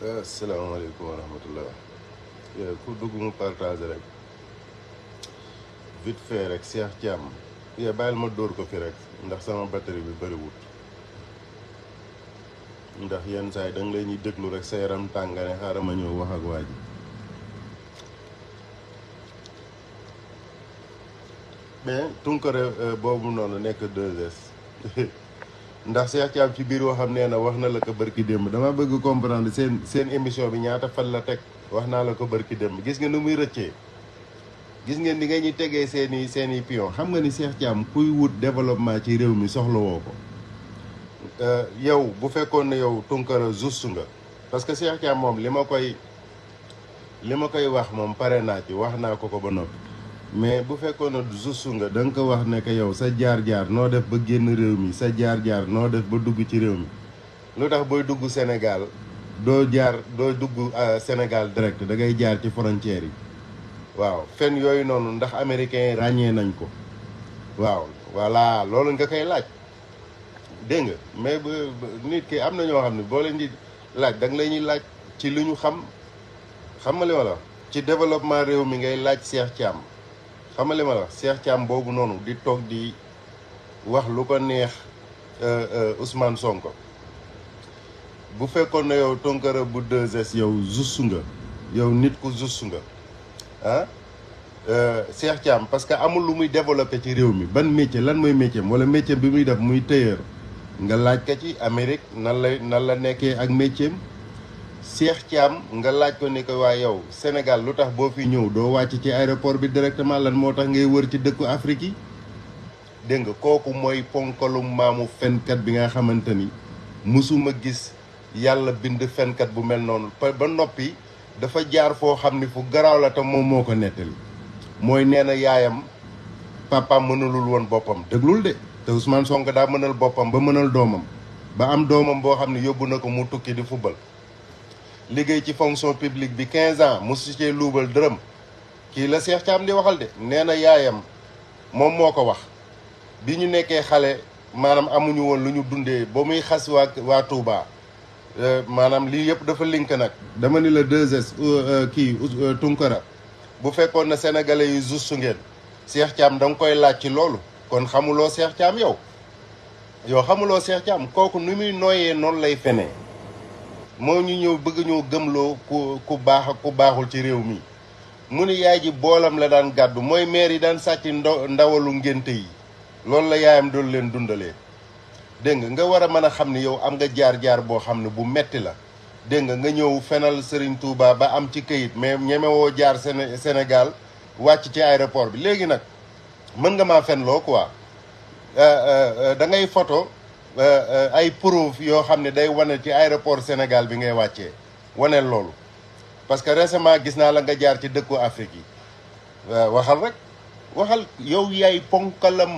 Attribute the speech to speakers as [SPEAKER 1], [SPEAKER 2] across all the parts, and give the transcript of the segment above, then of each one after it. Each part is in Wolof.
[SPEAKER 1] Eh, asalaamaaleykum wa rahmatullah eh, ku dugg mu partage rek vite fait rek Cheikh Thiam yee eh, bàyyil ma dóor ko fi rek ndax sama batterie bi bëriwut ndax yenn saa yi da nga leen ñuy déglu rek sa yaram tàngane xaaral ma ñëw wax ak waa ji mais Tunkara boobu noonu nekk 2S ndax Cheikh Thiam ci biir waxam nee na wax na la ko barki démb dama bëgg comprendre seen seen émission bi ñaata fan la teg wax naa la ko bërki démb gis nga ni muy rëccee gis ngeen ni nga ñu tegee seen i seen i pion xam nga ni Cheikh Thiam kuy wut développement ci réew mi soxlawoo ko euh, yow bu fekkoon ne yow tunkara juste nga parce que Cheikh Thiam moom li ma koy li ma koy wax moom pare naa ci wax naa ko ko ba noppi mais bu fekkoon ne justu nga da ko wax nekk que yow sa jaar-jaar noo def ba génn réew mi sa jaar-jaar noo def ba dugg ci réew mi lu tax booy dugg Sénégal doo jaar doo dugg euh, Sénégal direct da ngay jaar ci frontières yi waaw fen yooyu noonu ndax américain ràññee nañ ko waaw voilà loolu nga koy laaj dégg nga mais bu nit ki am na ñoo xam ne boo leen di laaj da nga leen ñuy laaj ci li ñu xam xam nga li ci développement réew mi ngay laaj seex ci am xam nga li ma la wax Cheikh boobu noonu di toog di wax lu ko neex euh, euh, Ousmane Sonko bu fekkoon ne yow Tounkara bu 2S yow juste nga yow nit ku juste nga ah euh, Cheikh Thiam parce que amul lu muy développé ci réew mi ban métier lan mooy métier wala métier bi muy def muy tailleur nga laaj ka ci Amérique nan lay nan la nekkee ak métier Cheikh Thiam nga laaj ko ne ko wa yow senegal lutax bo fi ñew do wacc ci aéroport bi directement lan motax ngay wër ci dekk Afrique yi dégg nga kooku mooy ponkalum maamu fenkat bi nga xamanteni musuma gis yalla bind fenkat bu mel non ba nopi dafa jaar fo xamni fu graw la ta mom moko ko moy neena yaayam papa mënalul won bopam deglul de te Ousmane Sonko da mënal bopam ba mënal domam ba am domam bo xamni yobuna ko mu tukki di fubal liggéey ci fonction publique bi quinze ans mosu cee luubal dërëm kii la Cheikh Thiam di waxal de nee na yaayam moom moo ko wax bi ñu nekkee xale maanaam amuñu woon lu ñu dundee ba muy xas waa waa euh, maanaam lii yëpp dafa link nag. dama ni la 2S euh, euh, kii Tunkara bu fekkoon na sénégalais yi juste ngeen Cheikh Thiam da nga koy laaj ci loolu kon xamuloo Cheikh Thiam yow yow xamuloo Cheikh Thiam kooku ni muy nooyee noonu lay fenee. moo ñu ñëw bëgg ñoo gëmloo ku ku baax ak ku baaxul ci réew mi mu ni yaay ji boolam la daan gàddu mooy mair yi daan sàcc ndawalu ngénte yi loolu la yaayam doon leen dundalee dégg nga nga war a mën a xam ni yow am nga jaar-jaar boo xam ne bu metti la dégg nga nga ñëw fenal Serigne Touba ba am ci këyit mais ñemewoo jaar Sénégal wàcc ci aéroport bi léegi nag mën nga maa fen loo quoi euh, euh, euh, da ngay photo Eh, eh, ay proof, yo xamne day wane ci aéroport Sénégal bi ngay wacce wone loolu parce que récemment gis na la nga jaar ci deuk Afrique yi eh, waxal rek waxal yow yaay ponkalam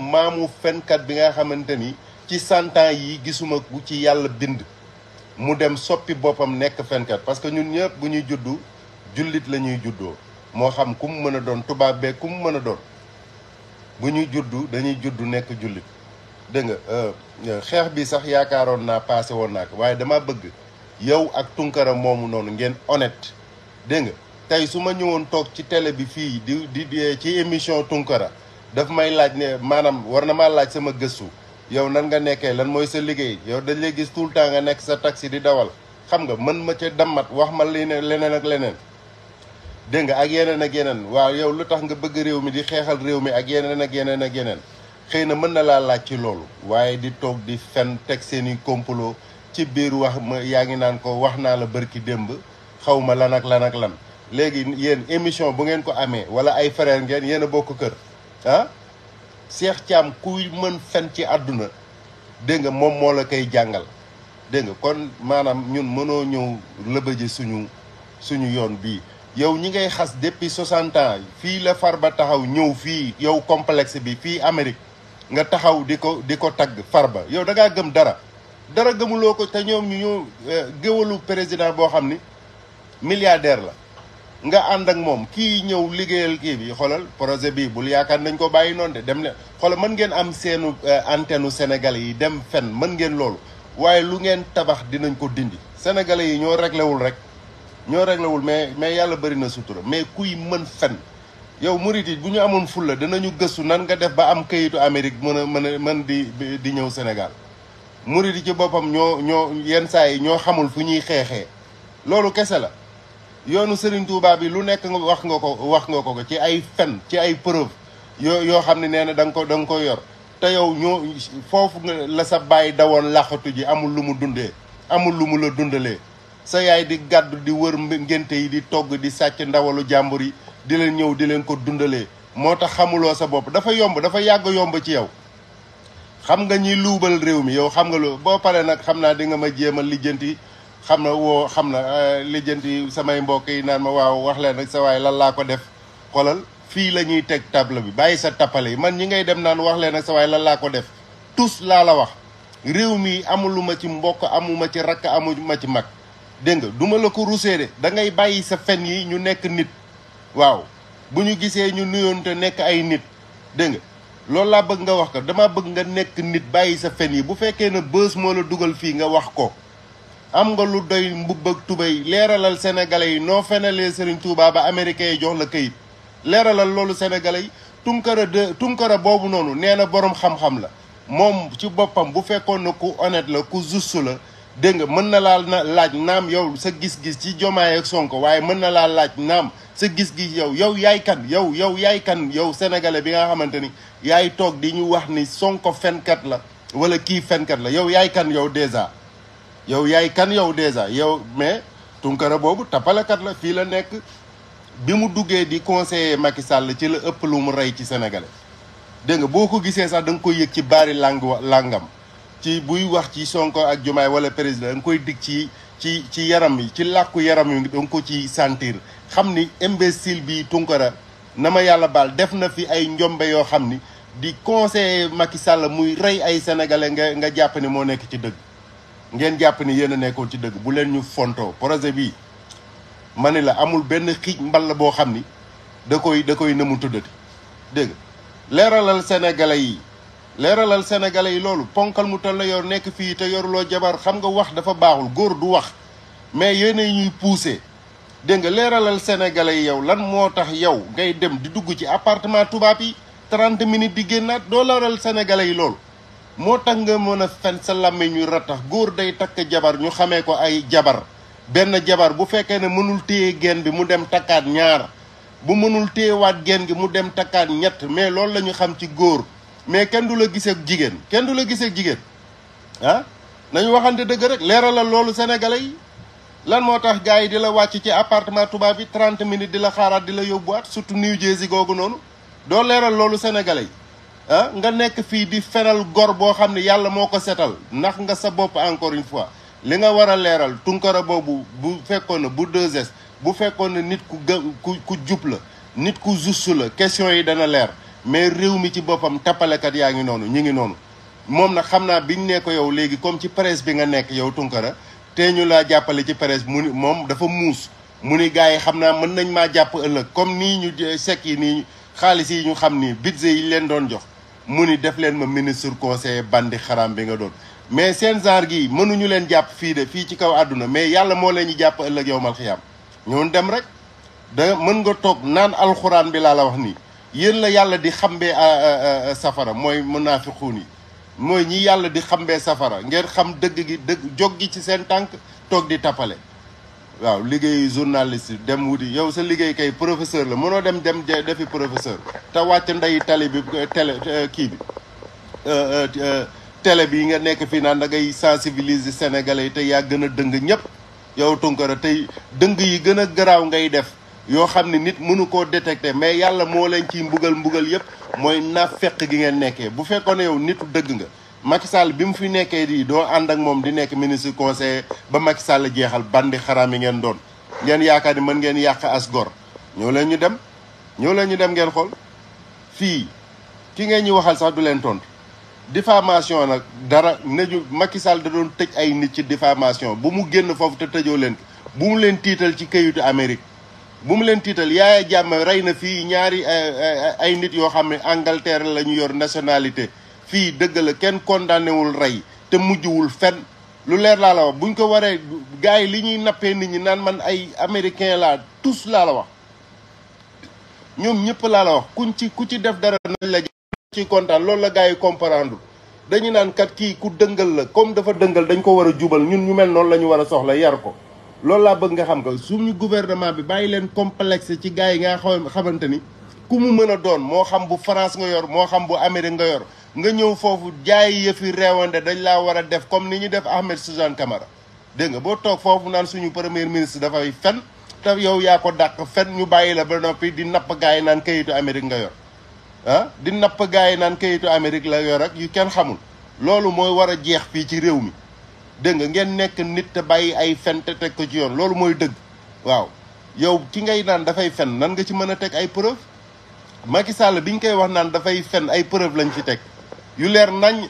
[SPEAKER 1] fenkat bi nga xamanteni ci 100 ans yi gisuma ku ci yalla bind mu dem soppi fenkat parce que ñun ñepp bu ñuy juddu julit lañuy juddo mo xam kum meuna don tuba be kum meuna don bu ñuy juddu dañuy juddu nek julit dégg nga euh, xeex bi sax yaakaaroon naa passé woon naa waaye dama bëgg yow ak tunkara moomu noonu ngeen honnête dégg nga tey su ma ñëwoon toog ci télé bi fii di di ci émission tunkara daf may laaj ne maanaam war na maa laaj sama gëstu yow nan nga nekkee lan mooy sa liggéey yow dañ lay gis tout le nga nekk sa taxi di dawal xam nga mën ma ca dammat wax ma leneen leneen ak leneen dégg nga ak yeneen ak yeneen waaw yow lu tax nga bëgg réew mi di xeexal réew mi ak yeneen ak yeneen ak yeneen xëy na mën na laa laaj ci loolu waaye di toog di fen teg seeni complot ci biir wax ma yaa ngi naan ko wax naa la bërki démb xaw ma lan ak lan ak lan léegi yéen émission bu ngeen ko amee wala ay frère ngeen yéen a bokk kër ah Cheikh Thiam kuy mën fen ci àdduna dégg nga moom moo la koy jàngal dégg nga kon maanaam ñun mënoo ñëw lëbëji suñu suñu yoon bii yow ñi ngay xas depuis 60 ans fii la far ba taxaw ñëw fii yow complexe bi fii Amérique nga taxaw di ko di ko tagg ba yow da ngaa gëm dara dara gëmuloo ko te ñoom ñu ñëw eh, géwalu président boo xam ni milliardaire la nga ànd ak moom kii ñëw liggéeyal kii bi xoolal projet bii bul yaakaar nañ ko bàyyi noonu de dem ne xoolal mën ngeen am seenu eh, antenne sénégalais yi dem fen mën ngeen loolu waaye lu ngeen tabax dinañ ko dindi sénégalais yi ñoo reglewul rek ñoo réglewul mais mais yàlla bëri na sutura mais kuy mën fen yow murit bu ñu amoon fulla danañu gëstu nan nga def ba am kayitu Amérique mën a mën a mën di di ñëw Sénégal murit yi ci boppam ñoo ñoo yenn saa yi ñoo xamul fu ñuy xeexee loolu kese la yoonu Serigne Touba bi lu nekk wax nga ko wax nga ko ci ay fen ci ay preuve yoo yoo xam ne nee na da nga ko danga ko yor te yow ñoo foofu nga la sa bàyyi dawoon laxatu ji amul lu mu dundee amul lu mu la dundalee sa yaay di gàddu di wër ngénte yi di togg di sàcc ndawalu jàmbur yi di leen ñëw di leen ko dundalee moo tax xamuloo sa bopp dafa yomb dafa yàgg yomb ci yow xam nga ñi luubal réew mi yow xam nga lu boo paree nag xam naa dinga ma jéem a lijjanti xam na woo xam na euh, lijjanti samay mbokk yi naan ma waaw wax leen rek sa waay lan laa ko def xoolal fii la ñuy teg table bi bàyyi sa tappale yi man ñi ngay dem naan wax leen sa waay lan laa ko def tous laa la wax réew mi amuluma ci mbokk amuma ci rakk amuma ci mag dégg nga du ma la ko rusee de da ngay bàyyi sa fen yi ñu nekk nit waaw bu ñu gisee ñu nuyoon te nekk ay nit dégg nga loolu laa bëgg nga wax ko dama bëgg nga nekk nit bàyyi sa fen yi bu fekkee ne bës moo la dugal fii nga wax ko am nga lu doy mbubb ak tubéy leeralal sénégalais yi noo fenalee Serigne Touba ba américains yi jox la kayit leeralal loolu sénégalais yi tunkara de tunkara boobu noonu nee na borom xam-xam la moom ci boppam bu fekkoon na ku honnête la ku juste la dégg nga mën na laa laaj naam yow sa gis-gis ci jomaay ak sonko waaye mën na laa laaj naam sa gis gi yow yow yaay kan yow yow yaay kan yow sénégalais bi nga xamante ni yaay toog di ñu wax ni Sonko fenkat la wala kii fenkat la yow yaay kan yow déjà yow yaay kan yow déjà yow mais Tunkara boobu tapalekat la fii la nekk bi mu duggee di conseiller Macky Sall ci la ëpp lu mu rey ci sénégalais dégg nga boo ko gisee sax danga koy yëg ci baari lang langam ci buy wax ci Sonko ak Diomaye wala président da koy dig ci ci ci yaram yi ci làkku yaram yi danga ko ci sentir xam ni imbécile bi Tunkara na ma yàlla baal def na fi ay njombe yoo xam ni di conseiller Macky sàll muy rey ay sénégalais nga jàpp ni moo nekk ci dëgg ngeen jàpp ni yéen a nekkoon ci dëgg bu leen ñu fontoo projet bi ma ne la amul benn xiij mbal la boo xam ni da koy da koy na mu tuddati dégg leeralal sénégalais yi leeralal sénégalais yi loolu ponkal mu toll la yor nekk fii te yoruloo jabar xam nga wax dafa baaxul góor du wax mais yéen ñuy poussé dégg nga leeralal sénégalais yi yow lan moo tax yow ngay dem di dugg ci appartement tubaab yi 30 minutes di génnaat doo leeral sénégalais yi loolu moo tax nga mën a fen sa làmmiñ ñu ratax góor day takk jabar ñu xamee ko ay jabar benn jabar bu fekkee ne mënul téye genn bi mu dem takkaat ñaar bu mënul téyewaat genn gi mu dem takkaat ñett mais loolu la ñu xam ci góor mais kenn du la gisee jigéen kenn du la gisee jigéen ah nañu waxante dëgg rek leeralal loolu sénégalais yi lan moo tax gars yi di la wàcc ci appartement tubaab bi 30 minutes di la xaaraat di la yóbbuwaat surtout New Jersey googu noonu doo leeral loolu sénégalais ah nga nekk fii di feral gor boo xam ne yàlla moo ko setal ndax nga sa bopp encore une fois li nga war a leeral tunkara boobu bu fekkoon ne bu 2S bu fekkoon ne nit ku gë ku ku jub la nit ku juste la question yi dana leer. mais réew mi ci boppam tappalekat yaa ngi noonu ñu ngi noonu moom nag xam naa biñ ne ko yow léegi comme ci presse bi nga nekk yow Tunkara te ñu laa jàppale ci presse mu ni moom dafa muus mu ni gars yi xam naa mën nañ maa jàpp ëllëg comme nii ñu sekk yi nii xaalis yi ñu xam ni budget yi leen doon jox mu ni def leen ma ministre conseiller bandi xaram bi nga doon mais seen genre gi mënuñu leen jàpp fii de fii ci kaw àdduna mais yàlla moo leen ñu jàpp ëllëg yow mal xiyaam ñoon dem rek da mën nga toog naan alxuraan bi laa la wax nii yéen la yàlla di xambee euh, euh, euh, safara mooy munaafiquun yi mooy ñi yàlla di xambee safara ngeen xam dëgg gi dëgg jog gi ci seen tànk toog di tappale waaw liggéey journaliste dem wuti yow sa liggéey kay professeur la mënoo dem dem defi professeur te wàcc ndey tali bi télé kii bi tele bi nga nekk fii naan da ngay sensibiliser sénégalais yi tey yaa gën a dëng ñëpp yow Tunkara tey dëng yi gën a garaaw ngay def yoo xam ne nit mënu koo détecté mais yàlla moo leen ciy mbugal mbugal yëpp mooy na naafeq gi ngeen nekkee bu fekkoon ne yow nitu dëgg nga Macky Sall bi mu fi nekkee di doo ànd ak moom di nekk ministre conseiller ba Macky Sall jeexal bandi xaraam yi ngeen doon ngeen yaakaar ni mën ngeen yàq as gor ñëw leen ñu dem ñëw leen ñu dem ngeen xool fii ki ngeen ñu waxal sax du leen tontu diffamation nag dara neju Macky Sall da doon tëj ay nit ci diffamation bu mu génn foofu te tëjoo leen bu leen tiital ci kayitu Amérique bu mu leen tiital Yaya jàmm rey na fii ñaari eh, eh, ay nit yoo xam ne Angleterre la ñu yor nationalité fii dëgg la kenn condamné wul rey te mujjwul fen lu leer laa la wax buñ ko waree gars yi li ñuy nappee nit ñi naan man ay américain laa tous laa wax ñoom ñëpp laa la wax kuñ ci ku ci def dara nañ la ci kontaan loolu la gars yi comprendre dañu naan kat kii ku dëngal la comme dafa dëngal dañ ko war a jubal ñun ñu mel noonu la ñu war a soxla yar ko loolu laa bëgg nga xam ko suñu gouvernement bi bàyyi leen complexe ci gars yi nga xamante ni ku mu mën a doon moo xam bu France nga yor moo xam bu Amérique nga yor nga ñëw foofu jaay yëfi reewande dañ laa war a def comme ni ñu def Ahmed Suzanne Camara dégg nga boo toog foofu naan suñu premier ministre dafay fen te yow yaa ko dàq fen ñu bàyyi la ba noppi di napp gars yi naan kayitu Amérique nga yor ah di napp gars yi naan kayitu Amérique la yor ak yu kenn xamul loolu mooy war a jeex fii ci réew mi dégg nga ngeen nekk nit te bàyyi ay fen te teg ko ci yoon loolu mooy dëgg waaw yow ki ngay naan dafay fen nan nga ci mën a teg ay preuve Macky Sall bi ñu koy wax naan dafay fenn ay preuve lañ fi teg yu leer nañ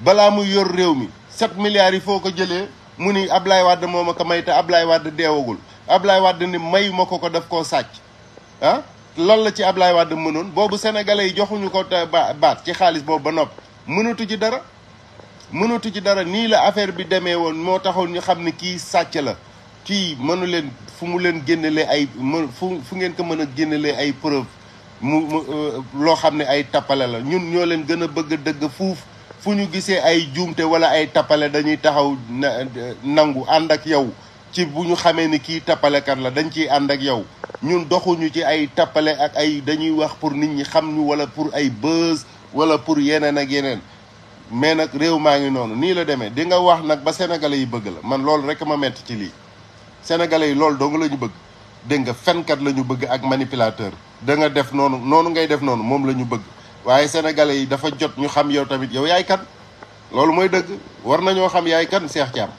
[SPEAKER 1] balaa muy yor réew mi set milliards yi foo ko jëlee mu ni Ablaye Wade moo ma ko may te Ablaye Wade deewagul Ablaye Wade ni mayuma ko ko daf koo sàcc ah lan la ci Ablaye Wade mënoon boobu sénégalais joxuñu ko te baat ci xaalis boobu ba nopp mënatu ji dara mënatu ci dara nii la affaire bi demee woon moo taxoon ñu xam ne kii sàcc la kii mënu leen fu mu leen génnelee ay fu fu ngeen ko mën a génnelee ay preuve mu euh, loo xam ne ay tappale la ñun ñoo leen gën a bëgg dëgg fuuf fu ñu gisee ay juumte wala ay tappale dañuy taxaw nangu ànd ak yow ci bu ñu xamee ni kii tappalekat la dañ ciy ànd ak yow ñun doxuñu ci ay tappale ak ay dañuy wax pour nit ñi xam ñu wala pour ay buzz wala pour yeneen ak yeneen mais nag réew maa ngi noonu nii la demee di nga wax nag ba sénégalais yi bëgg la man loolu rek ma metti ci lii sénégalais yi loolu dong la ñu bëgg dégg nga fenkat la ñu bëgg ak manipulateur da nga def noonu noonu ngay def noonu moom la ñu bëgg waaye sénégalais yi dafa jot ñu xam yow tamit yow yaay kan loolu mooy dëgg war nañoo xam yaay kan Cheikh Thiam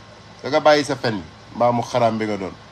[SPEAKER 1] danga bàyyi sa fen mbaa xaram bi nga doon